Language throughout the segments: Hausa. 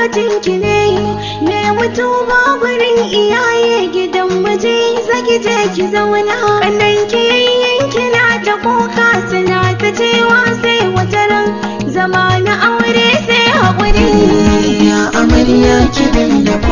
lokacin ki ne ne wuto ba iyaye gidan waje zaki je ki zauna kannan ki yanki na ta kuka suna ta cewa sai wataran zama na aure sai haƙuri ya amarya ki da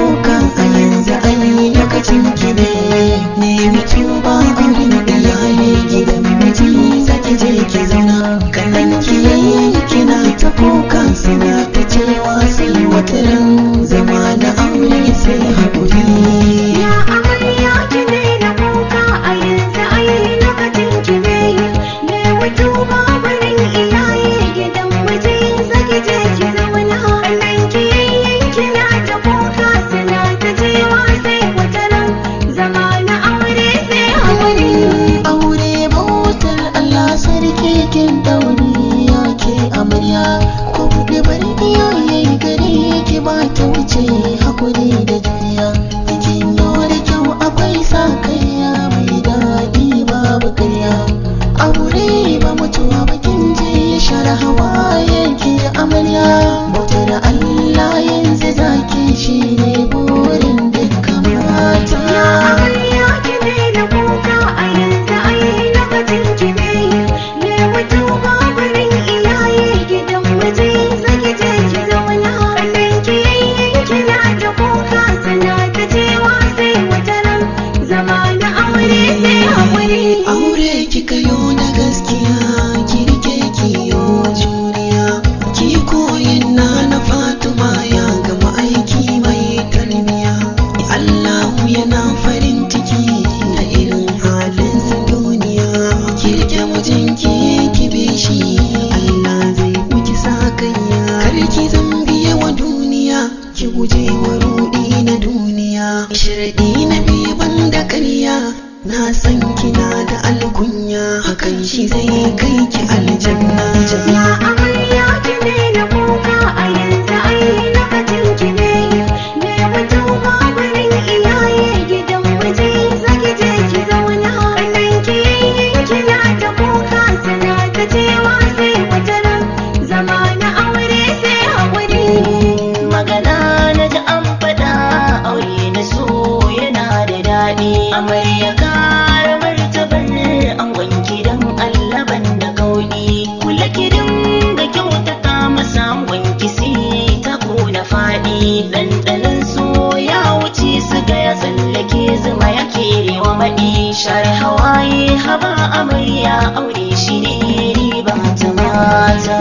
na san share hawaye haba amarya aure shi ne riba ta mata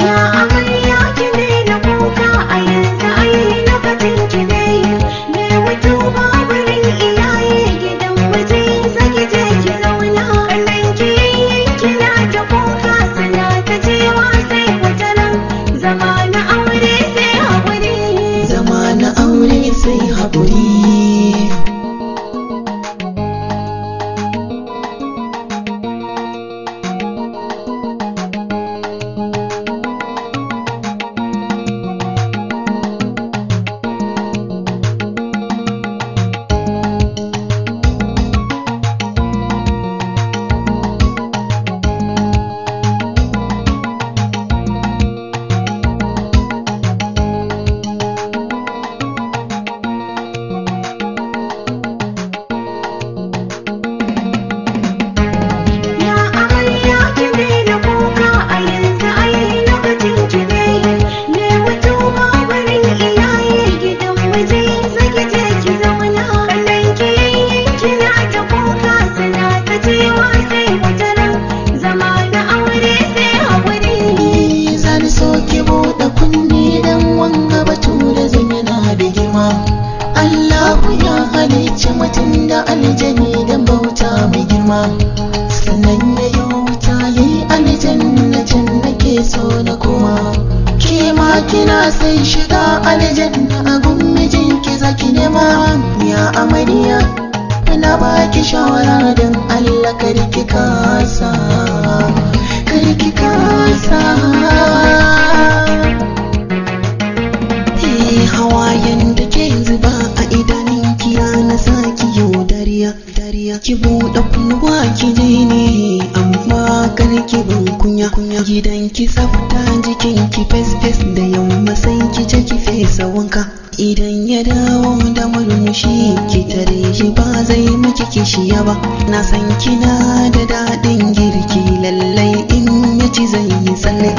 ta jikin ki fes fes da yamma sai ki ce ki fesa wanka idan ya dawo da murmushi ki tare shi ba zai miki kishiya ba na san kina da daɗin girki lallai in ya ci zai yi tsalle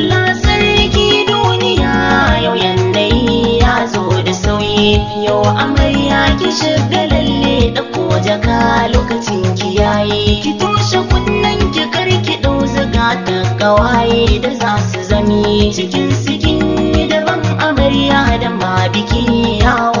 Allah duniya yau yanayi ya zo da sauyi yau amarya ki shiga lalle da jaka lokacin ki yayi ki toshe kunnen ki karki ɗau zagata kawaye da za su zami cikin sikin ban amarya da ma biki yawa.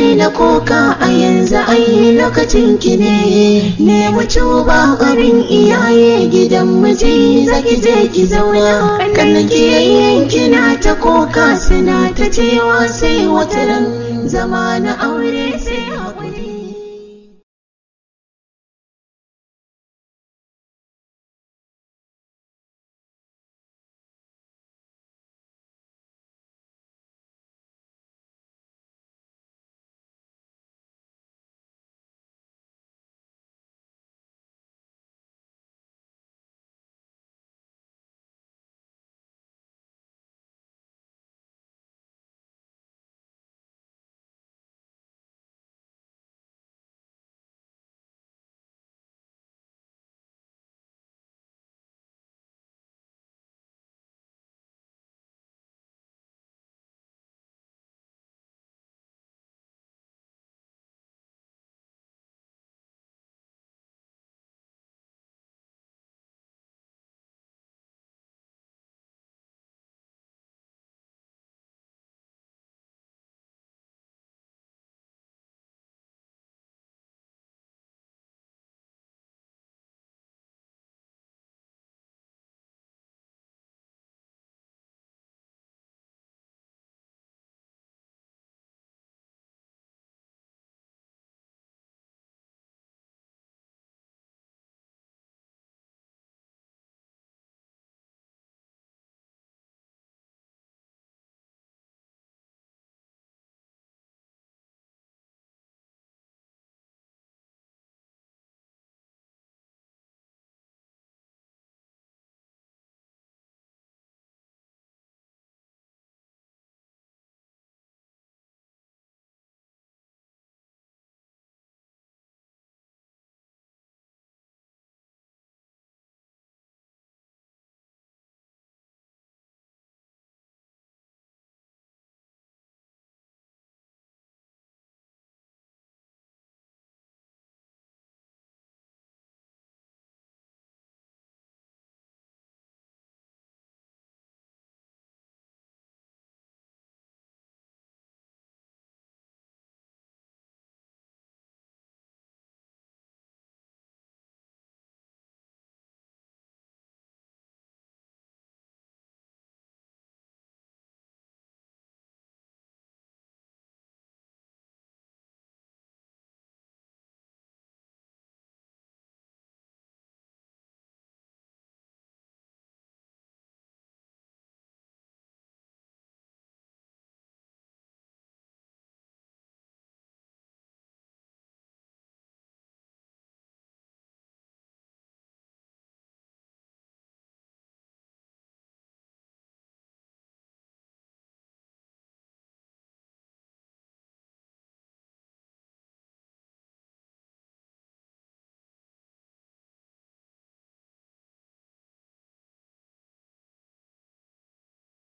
na koka a yanzu ai lokacin ki ne mu tuba garin iyaye gidan miji zaki je ki zauna kan ki yanki kina ta koka suna ta cewa sai wata ran zama na aure sai hakuri